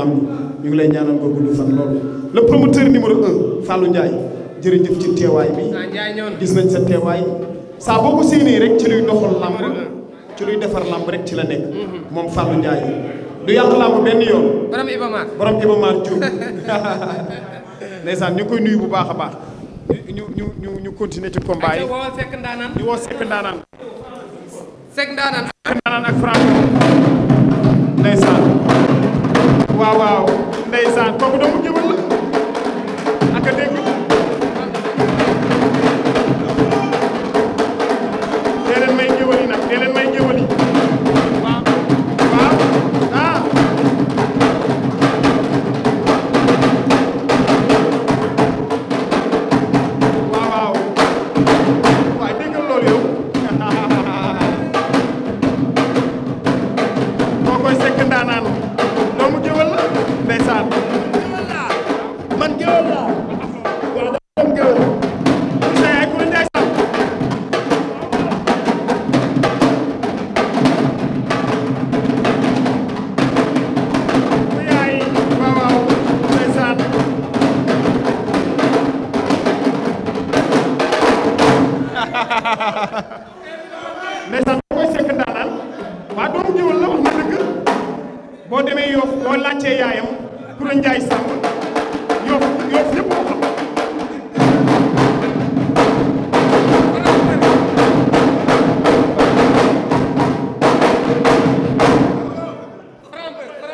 làmb ñu ngi lay ñaanal nga gudd fan loolu le promoteur numéro un Fallou Ndiaye jërëjëf ci teewaay bi gis nañ sa teewaay saa boo ko rek ci luy doxal làmb ci luy defar làmb rek ci la nekk mhm. moom Fallou Ndiaye du yàq làmb benn yoon borom Ibamar borom Ibamar Diop ndeysaan ñu koy nuyu bu baax a baax ñu ñu ñu ñu continuer ci combat yi ñu woo Ndaanaan ñu woo Seck Ndaanaan Seck Ndaanaan ak Franc waaw waaw ndeysaan kooku doomu jëbal boo demee Yoff boo laajtee yaayam Koura Ndiaye Samb Yoff Yoff yëpp ko xam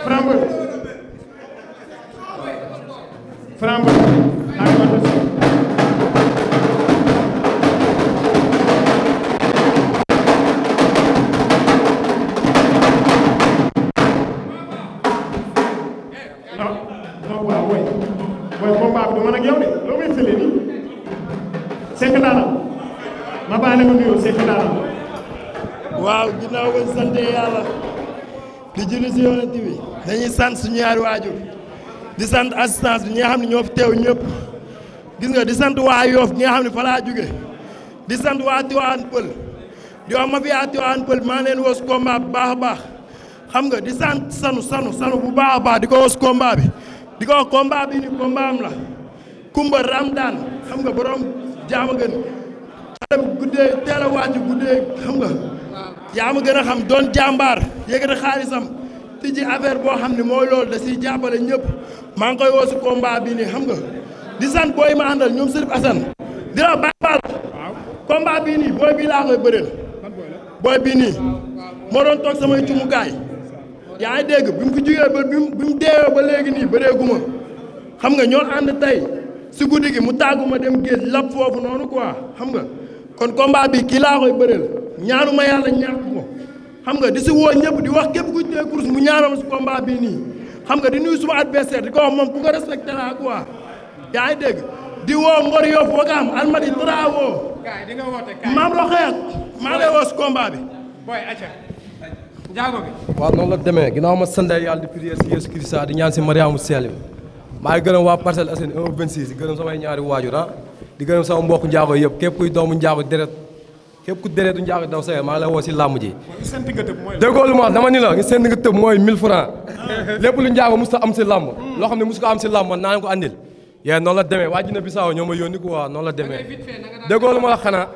Frambe Frambe mooy combat bi du mën ak de loo may sëlee nii Seck Ndanane ma baale ko nuyoo Seck Ndanane waaw ginnaaw bañ sante yàlla di julli si yonent bi dañuy sant suñu ñaari waajur di sant assistance bi ñi xam ne ñoo fi teew ñëpp gis nga di sant waa Yoof ñi nga xam ne fa laa di sant waa Tiwaan Pël di wax ma fi waa Tiwaan Pël maa leen woosu combat bu baax a baax xam nga di sant sanu sanu sanu bu baax a baax di ko woosu combat bi di ko wax combat bi ni la Kumba Ramdan xam nga borom jaama gën xale bu guddee xam nga yaa ma gën a xam doon jàmbaar yëkkati xaalisam ti ji affaire boo xam ne mooy loolu da siy jàppale ñëpp maa ngi koy woo si combat nii xam nga di sant booy ma àndal ñoom Sërif Assane di la bàyyi baal combat bii nii booy bii laa koy bëreel booy bii nii moo doon toog samay cumukaay yaa ngi dégg bi mu fi jugee ba bi mu deewee ba léegi nii ma xam nga ñoo ànd tey si guddi gi mu tàggu ma dem géej lab foofu noonu quoi xam nga kon combat bi kii laa koy ma ñaanuma yàlla ñàkk ko xam nga di si woo ñëpp di wax képp ku ci dee course mu si combat nii xam nga di nuyu suma adversaire di ko wax moom ku ko respecté laa quoi yaa ngi dégg di woo Ngor Yoff Wakaam Almadi Trawo. kaay di nga woote kaay maam maa lay woo bi. booy njaago gi waaw noonu la demee ginnaaw ma sant yàlla di prier si Yeesu Kirista di ñaan si Mariama Seel maa ngi gërëm waa Parcelles Assainies 1 26 di samay ñaari waajur ah di gërëm sama mbokku njaago yëpp képp kuy doomu njaago deret képp ku déretu njaago daw saye maa ngi la woo si làmb ji déggoo lu ma dama ni la ngi seen nga tëb mooy 1000 francs lépp lu njaago mu ta am si làmb loo xam ne mos ko am si làmb man naa ko andil yee noonu la demee waa Guinée Bissau ñoo ma yónni ko waaw noonu la demee déggoo lu ma la xanaa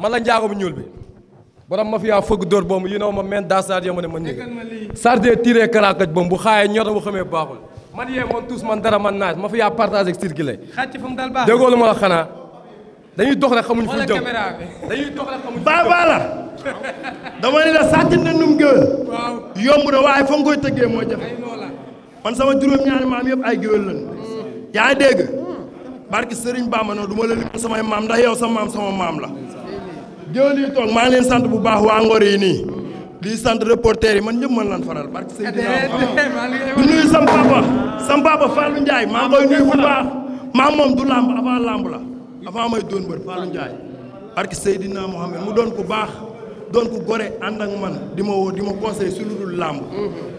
man la ñuul bi borom ma fiyaa fëgg dóor boobu yi naw ma men daa sardié ma ne ma ñëg sardié tiré karakaj boobu bu xaayee ñor bu xamee baaxul man man dara man ma fiyaa partagé circulé déggoo lu ma la xanaa dañuy dox rek xamuñ fu jëm dañuy dox rek xamuñ baa baa la dama ne la sàcc na num géwél yomb na waaye fa nga koy tëggee moo jafe man sama juróom-ñaari maam yëpp ay géwél lañ yaa ngi dégg barki Sëriñ Bamba noonu du ma la limal samay maam ndax yow sa maam sama maam la géwél yi toog maa leen sant bu baax waa Ngor yi nii di sant reporter yi man ñëpp man lan faral barke sëñ bi di nuyu sam papa sam papa Fallou Ndiaye maa ngi koy nuyu bu baax maa moom du làmb avant làmb la avant may doon mu doon ku baax doon ku gore ànd ak man di ma woo di ma conseil su lu dul làmb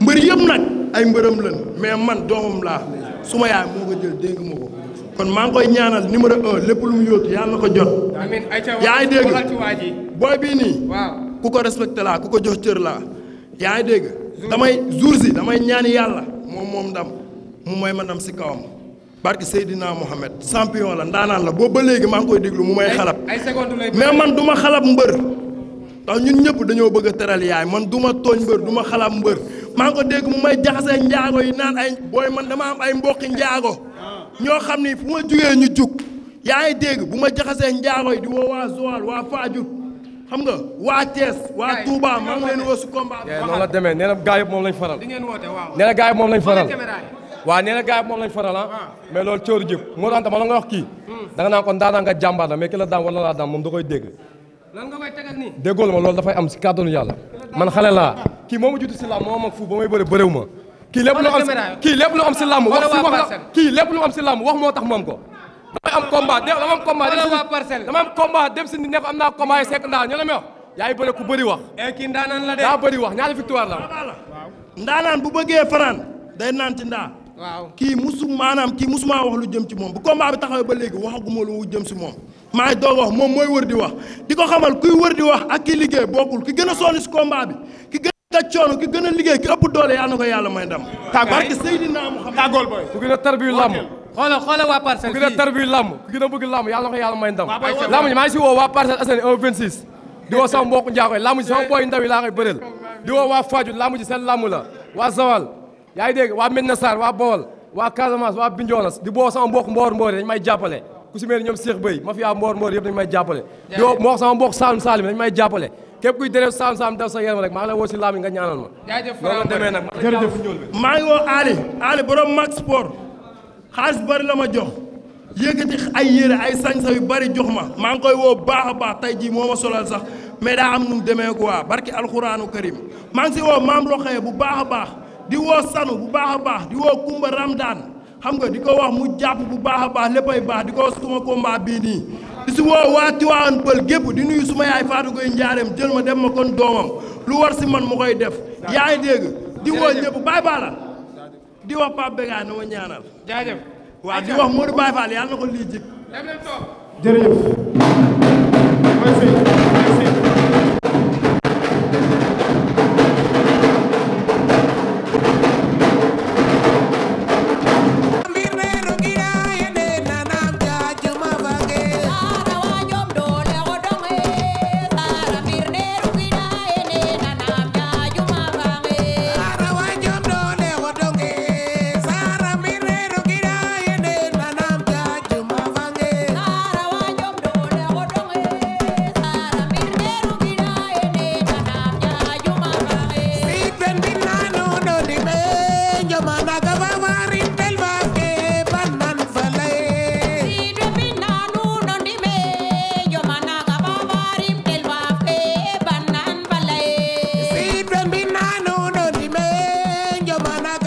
mbër yëpp nag ay mbërëm lan mais man doomam laa suma ma yaay moo ko jël dégg ma ko kon maa ngi koy ñaanal numéro un lépp lu mu ko jot. amiin yaa ngi dégg booy bii nii. ku ko respecté laa ku ko jox cër laa. yaa ngi dégg. damay jour si damay ñaan yàlla moom moom ndam mu may man ndam si kawam. barke Seydina Mohamed champion la ndaanaan la boo ba léegi maa ngi koy déglu mu may xalab mais man duma ma xalab mbër. ndax ñun ñëpp dañoo bëgg a teral yaay man duma ma tooñ mbër du xalab mbër maa ngi ko dégg mu may jaxasee njaago yi naan ay booy man dama am ay mbokki njaago. ñoo xam ni fu ma jugee ñu jug yaa ngi dégg bu ma jaxasee njaago yi di woo waa Joal waa Fadiouth xam nga waa Thiès waa Touba maa ngi leen woo nee na gaa moom lañ faral. ngeen woote waaw nee na gaa yëpp moom lañ faral. waaw nee na gaa yëpp moom lañ faral ah. ah. mais loolu cóor moo nga wax kii. Hmm. danga naan kon daanaka nga jàmbaar la mais ki a daan wala laa daan moom da koy dégg. lan nga ma loolu dafay am si kàttanu yàlla man xale laa ah. kii moomu judd si laa moom ak fu ba may bëre bërewu ma kii lépp lu am kii lépp lu am si làmb wax si wax kii lépp lu am si moo tax moom ko damay am combat dama am combat dama am combat dem si ni nekk am naa combat yi sekk ndaar ñu la may yaay bëri ku bëri wax eh, kii ndaanaan la de daa bëri wax ñaari victoire la ndaanaan bu bëggee fanaan day naan ci ndaa kii musu kii musuma wax lu jëm moom bu combat bi taxawee ba léegi waxaguma lu jëm si moom maa ngi moom mooy wër di wax di ko xamal kuy wër di wax ak ki liggéey bokkul ki gën a sonn si combat bi daj coono ki gën a liggéey ki ëpp doole yàlla na ko yàlla may ndam. tàggool barke Seydina Muhammad tàggool booy. ku gën a tarbiyu làmb. xoolal xoolal waa parcelle ku gën a tarbiyu làmb ku gën a bëgg làmb yàlla na ko yàlla may ndam. làmb ji maa ngi si woo waa Parcelles Assainies 1 26. di woo sama mbokku njaakoy làmb ji sama booy ndaw yi laa koy bëreel. di woo waa Fadiouth làmb ji seen làmb la. waa Zawal yaa ngi dégg waa Medina Sarr waa Bawol waa Casamance waa Binjoonas di boo sama mbokku mboor mboor dañ may jàppale ku si mel ni ñoom Cheikh Bey ma fi yaa mboor mboor yëpp dañ may jàppale di woo sama mbokk Saalum Saalum dañ may jàppale képp kuy déref saam saam daf sa yaram rek maa la woo si laam yi nga ñaanal ma. jaajëf Franc demee nag jërëjëf maa ngi woo Ali Ali borom Max Sport xaalis bari la ma jox yëkkati ay yére ay sañ-sañ yu bari jox ma maa ngi koy woo baax a baax tey jii moo ma solal sax mais daa am nu mu demee quoi barki alxuraanu karim maa ngi si woo maam Roxaya bu baax a baax di woo Sanu bu baax a baax di woo Kumba Ramdaan xam nga di ko wax mu jàpp bu baax a baax léppay baax di ko wax suma combat bii nii. di si woo waa Tiwaawan Pël gépp di nuyu suma yaay Fatou Gueye Ndiarème jël ma dem ma kon doomam lu war si man ma koy def yaa ngi dégg di woo ñëpp Baye Balla di wax Pape Bégaay na ma ñaanal jaajëf di wax Modou Baye Fall yàlla na ko lii jik